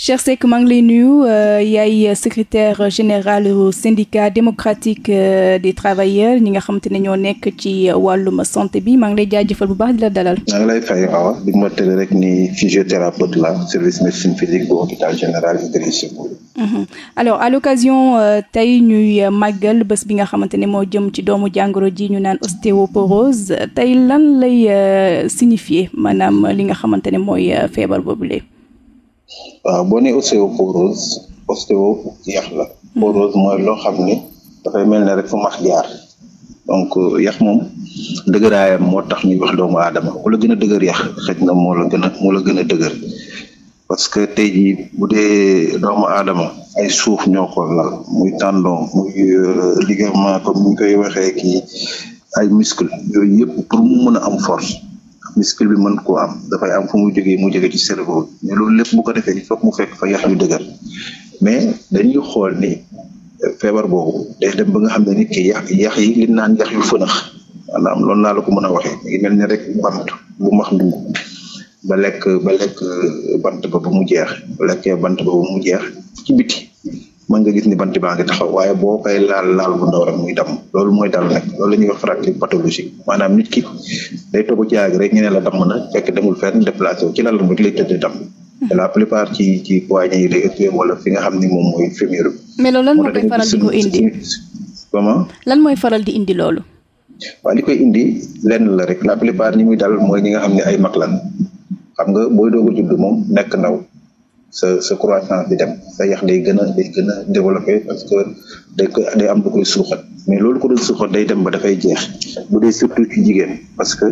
Cheikh Seck maa ngi lay nuyu euh, yaay euh, secrétaire général syndicat démocratique euh, des travailleurs ñi nga xam te ñoo nekk ci wàllum santé bi maa ngi lay jëfal bu baax di la dalal. maa ngi lay fay ma tële rek mhm. tey ñuy màggal bés bi nga xamante ne moo jëm ci doomu jàngoro ji ñu naan ostéoporose tey lan lay signifier maanaam li nga xamante ne mooy feebar boobu léegi. waaw ah, boo nee ostéoporose ostéo yax la hmm. porose mooy loo xam ni dafay mel ne rek fu max donc euh, yax moom dëgëraayam moo tax ñuy wax doomu aadama ku la gën a dëgër yax xëj na moo la gën moo la gën a dëgër parce que tey jii bu dee doomu aadama ay suuf ñoo ko lal muy tendon muy euh, ligament comme ni koy waxee kii ay muscle yooyu yëpp pour mu mën a am force miskil bi mën koo am dafay am fu muy jógee mu jógee ci cerveau bi mais loolu lépp bu ko defee il faut mu fekk fa yax yu mais dañuy xool ni euh, feebar boobu de dem ba nga xam ne nit ki yax yi li naan yax yu fënax am loolu naa la ko mën a waxee ngi mel ne rek bant bu max ndung ba lekk ba lekk euh, bant ba ba mu jeex ba lekkee bant ba ba mu jeex ci biti mën nga gis ni bant baa ngi taxaw waaye boo koy laal laal bu ndaw rek muy dam loolu mooy dal nag loolu la ñuy wax fracture pathologique maanaam nit ki day toog ci yàgg rek ñu la damm na fekk demul fenn déplacé wu ci lalam rek lay tëdd damm hmm. te la plupart ci ci poignet yi wala fi nga xam ni moom mooy fémur bi. mais loolu lan moo koy faral di ko lan mooy faral di indi loolu. waaw li koy indi lenn la rek la plupart ñi muy dal mooy ñi nga xam ne ay mag lan xam nga booy doog a judd moom nekk ndaw. sa sa croissance di dem sa yax day gën a day a développé parce que day am lu koy suuxat mais loolu ko doon suuxat day dem ba dafay jeex bu dee surtout jigéen parce que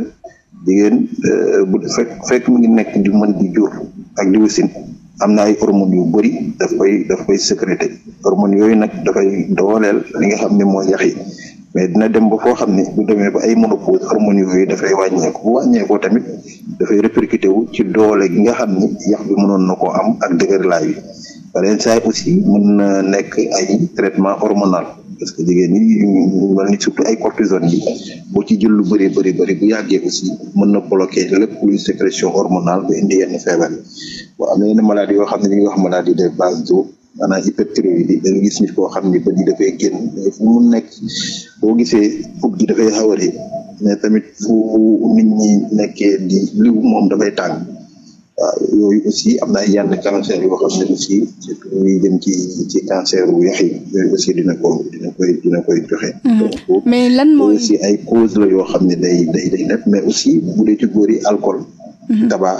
jigéen euh, bu fekk fekk mu nekk di mën di jur ak di wasin am na ay hormones yu bëri daf koy daf koy sécréter hormones yooyu nag dafay dooleel li nga xam ne mooy yax yi mais dina dem ba foo xam ne bu demee ba ay monopause hormones yooyu dafay wàññeeku bu wàññeekoo tamit dafay répercuté wu ci doole gi nga xam ni yax bi mënoon na koo am ak dëgërlaay bi beneen saa aussi mën na nekk ay traitement hormonal parce que jigéen ñi ñu mel ni surtout ay yi boo ci jël lu bëri bëri bëri bu yàggee aussi mën na bloqué lépp luy sécrétion hormonale ba indi yenn feebar yi boo amee maladie yoo xam ne li wax maladie des bases d'eau mana maanaam hyperthyroïdie da nga gis nit koo xam ni bët yi dafay génn fu mu nekk boo gisee put gi dafay xaw a mais tamit fu nit ñi nekkee di liw moom dafay tàng waaw yooyu aussi am na yenn cancer yoo xam ne aussi surtout ñuy jëm ci ci cancer wu yi yooyu aussi dina ko dina koy dina koy joxe. Mm-hmm. mais lan ay cause yoo xam ne day day day def mais aussi bu dee ci góor yi alcool. Mm-hmm. tabac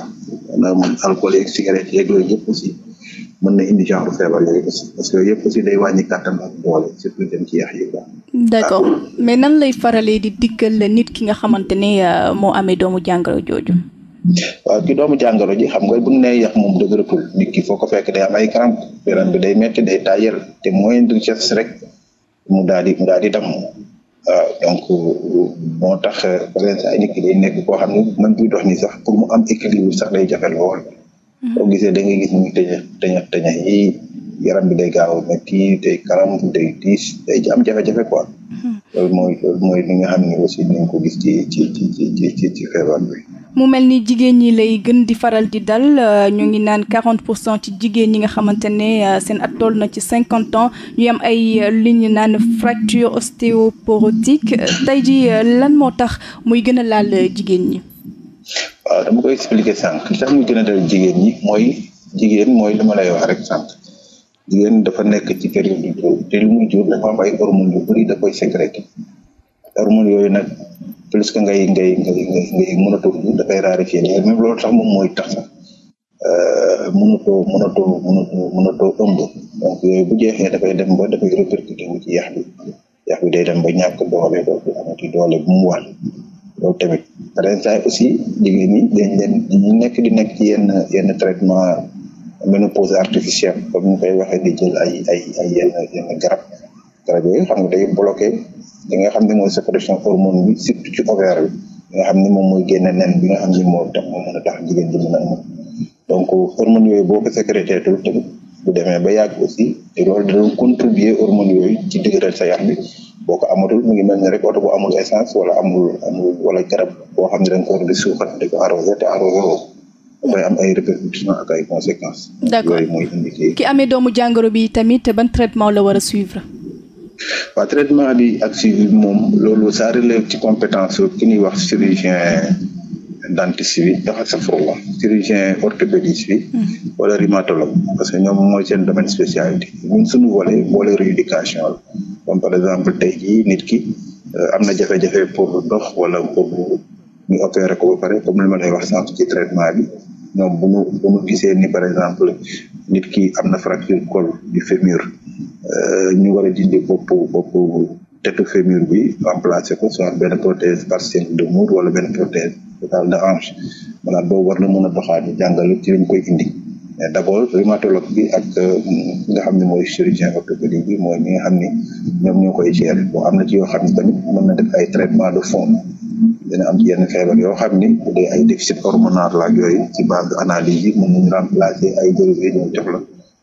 maanaam alcool yeeg cigarette yeeg yooyu yëpp aussi. mën na indi genre feebar yooyu aussi yëpp aussi day wàññi kàttan ak doole surtout ah. mais nan lay faralee di dikkal nit ki nga xamante ne euh, moo amee doomu jàngoro jooju. waaw ki doomu jàngoro ji xam nga bu ñu nee yax moom dëgëratul nit ki foo ko fekk day am ay karam yaram bi day metti day tayal te moyen du geste rek mu daal di mu daal di dam donc moo tax par exemple ay nit ki day nekk koo xam ne man buy dox nii sax pour mu am équilibre sax day jafe lool boo gisee da ngay gis muy tëñax tëñax yi yaram bi day gaaw a métti day karam day diis day am jafe-jafe quoi loolu mooy mooy li nga xam ne aussi dinañ ko gis ci ci ci feebar bi mu mel ni jigéen ñi lay gën di faral di dal euh, ñu ngi naan 40 pour cent ci jigéen ñi nga xamante ne euh, seen at toll na ci cinquante ans ñu am ay euh, li naan fracture ostéoporotique tey ji lan moo tax muy gën a laal jigéen ñi waaw dama koy expliquer sànq li tax mu gën a jigéen ñi mooy jigéen mooy li lay wax rek sànq jigéen dafa nekk ci période du jur te lu muy jur dafa am ay hormones yu bëri da koy sécréter hormones yooyu nag plus que ngay ngay ngay ngay mënatoo dafay raréfier même loolu tax moom mooy tax sax euh, mënatoo mënatoo mënatoo mënatoo ëmb donc yooyu bu jeexee dafay dem ba dafay répercuter wu ci yax bi yax bi day dem ba ñàkk doole dootul amati doole bu loolu tamit. ren saa aussi jigéen ni ñu nekk di nekk ci yenn yenn traitement ménopause artificielle comme ñu koy waxee di jël ay ay ay yenn yenn garab garab yooyu xam nga day bloqué li nga xam ne mooy sécrétion hormone bi surtout ci ovaire bi nga xam ni moom mooy génn nen bi nga xam ne moo tax moo mën a tax jigéen ji mën a donc hormone yooyu boo ko sécrété tul tamit bu demee ba yàgg aussi te loolu dana contribuer hormone ci dëgëral sayax bi boo ko amatul mu ngi mel ni rek oto bu amul essence wala amul wala garab boo xam ne da nga ko war di suuxat di te arrosé woo dafay am ay répercussions ak ay conséquences. d'accord ki amee doomu jàngoro bi tamit ban traitement la war a suivre. waaw traitement bi ak suivi moom loolu ça relève ci compétence ki ñuy wax chirurgien dentiste bi dafa safrullah chirurgien orthopédiste bi mm-hmm. wala rhumatologue parce que ñoom mooy seen domaine spécialité ñun suñu volet volet rééducation la par exemple tey jii nit ki euh, am na jafe-jafe pour dox wala pour ñu opéré ko ba pare comme li ma lay wax sànq ci traitement bi ñoom bu ñu bu ni par exemple nit ki am na fracture col du fémur euh, ñu war a dindi bopp bopp tetu bi remplacé ko soit benn prothèse partielle de mur wala benn prothèse totale de hanche maanaam boobu war na mën a doxaat ñu jàngale ci lañ koy indi. mais d' abord bi ak euh, nga xam ni mooy chirurgien orthopédique bi mooy ñi nga xam ni ñoom ñoo koy gérer bon am na ci yoo xam ne tamit mën na def ay traitement de fond dina am ci yenn feebar yoo xam ni ay déficit la yooyu ci base analyse yi mën la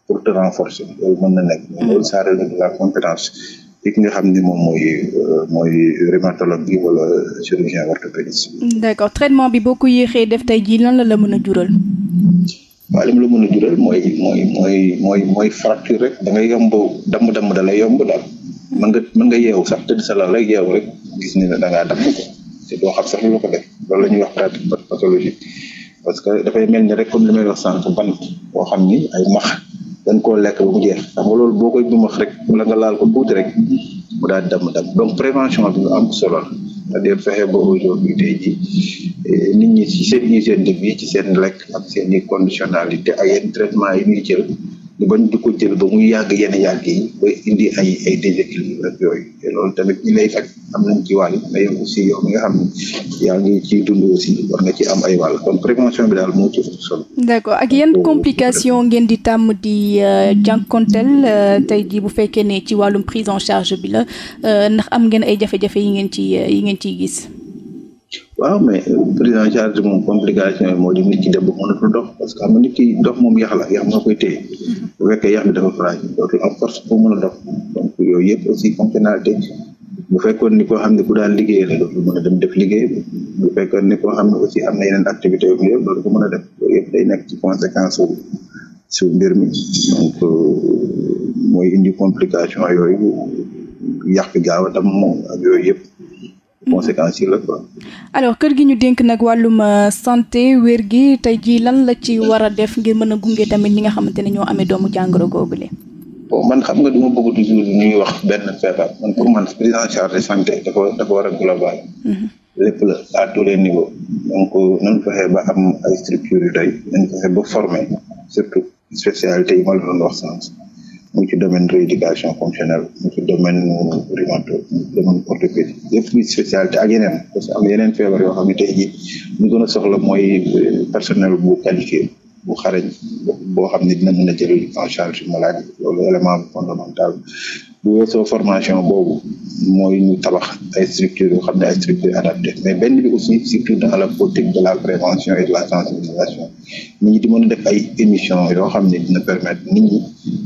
pour te renforcer loolu mën na nekk mm. loolu ça relève compétence di ki nga xam ni moom mooy euh, mooy rhumatologue bi wala chirurgien orthopédiste. d' accord traitement bi boo ko yéexee def tey jii na la la mën a jural. waaye li la mën a jural mooy mooy mooy mooy mooy fracture rek da ngay yomb damm-damm da lay yomb daal mën nga mën nga yeewu sax tëdd sa lal lay yeewu rek gis ni ne da ngaa damm ko te doo xam sax lu ko loolu la ñuy wax pratique pathologique parce que dafay mel ni rek comme li may wax sànq bant boo xam ni ay max dañ koo lekk ba mu jeex xam nga boo koy bu max rek wala nga laal ko tuuti rek mu daal damm damm donc prévention bi lu am solo la c'est-à-dire fexe ba aujourd'hui tey ji eh, nit ñi ci seen hygiène de vie ci seen lekk ak seen i conditionnalité ak yenn traitement yi ñuy bañ di ko jël ba muy yàgg yenn yàgg yi ba indi ay nañ ci wàll mais nga xam ne yaa dund aussi war nga ci am ay wàll kon prévention bi daal moo ci ëpp solo. ak yan complication ngeen di tàmm di euh, jànkonteel euh, tey jii bu fekkee ne ci wàllum prise en charge bi la euh, ndax am ngeen ay jafe-jafe yi ngeen ci yi ngeen ciy gis. waaw mais prise en charge moom complication yi moo di nit ki dem dox parce que xam nit ki dox moom yax yax moo koy téye mm-hmm. bu fekkee yax bi dafa fragile dootul am force pour mën a dox yooyu yëpp aussi fonctionnalité bu fekkoon ni koo xam ne ku daan liggéey la dem def liggéey bu fekkoon ni koo xam ne aussi am na activité yu yëpp dootu ko mën a def yooyu yëpp day nekk ci conséquence wu su mbir mi euh, mooy indi complication yooyu yax bi gaaw a ak yooyu yëpp conséquences yi la quoi. kër gi ñu dénk nag wàllum euh, santé wér gi tey jii lan la ci war a def ngir mën a gunge tamit ñi nga xamante ne ñoo amee doomu jàngoro googu le bon man xam nga du ma bëgg toujours ñuy wax benn feebar man pour man prise en charge de santé dafa war a global. Mhm. lépp la à tous les niveaux. donc ba am ay structures yu doy nañ fexe ba former surtout spécialité yi ma la doon wax sens. mu ci domaine rééducation fonctionnelle mu ci domaine rhumato mu ci domaine orthopédie yëpp muy spécialité ak yeneen parce que am yeneen feebar yoo xam ne tey jii kon gën a soxla mooy euh, personnel bu qualifié bu xarañ boo xam ne dina mën a jël en charge maladie fondamental bu weesoo formation boobu mooy ñu tabax ay structures yoo xam ne ay structures adaptées mais benn bi aussi surtout dans la politique de la prévention et de la sensibilisation nit di mën a def ay émissions yoo xam ne dina permettre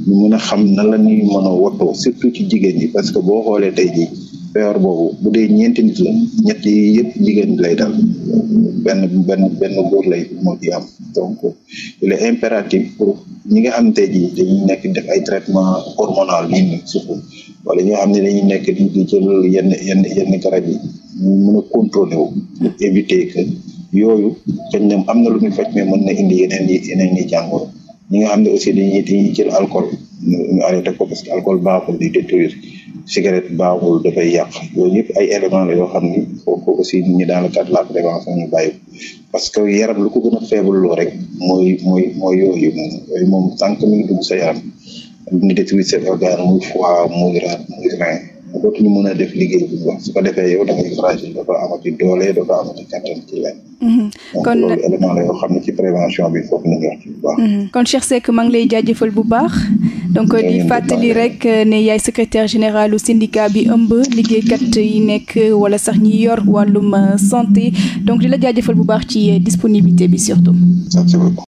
ñu mun a xam nan la ñuy mën a wattoo surtout ci jigéen ñi parce que boo xoolee tey jii feebar boobu bu dee ñeenti nit la ñett yëpp jigéen lay dal benn benn benn góor lay moo ci am donc il impératif pour ñi nga xam tey jii dañuy nekk def ay traitement hormonal yi ni surtout wala ñi xam ne dañuy nekk di jël yenn yenn yenn garab yi ñu mën a contrôler wu éviter que yooyu xëy na am na lu muy faj mais mën na indi yeneen yi yeneen yi jàngoro ñi nga xam ne aussi dañuy dañuy jël alcool ñu arrêté ko parce que alcool baaxul di détruire cigarette baaxul dafay yàq yooyu yëpp ay éléments la yoo xam ni foofu aussi nit ñi dans le cadre de la prévention ñu parce que yaram lu ko gën a faible loo rek mooy mooy mooy yooyu moom yooyu moom mu dugg sa yaram ni détruire seen organe muy foie muy rat muy rein dootuñu mën a def liggéey bu ñu wax su ko defee yow da ngay fragile dafa doole dafa amati kattan ci leen kon loolu élément la bi mhm. kon Cheikh Seck maa ngi lay jaajëfal bu baax. donc di fàttali rek euh, ne yaay secretaire général u syndicat bi ëmb liggéeykat yi nekk wala sax ñi yor wàllum euh, santé donc di la jaajëfal bu baax ci euh, disponibilité bi surtout.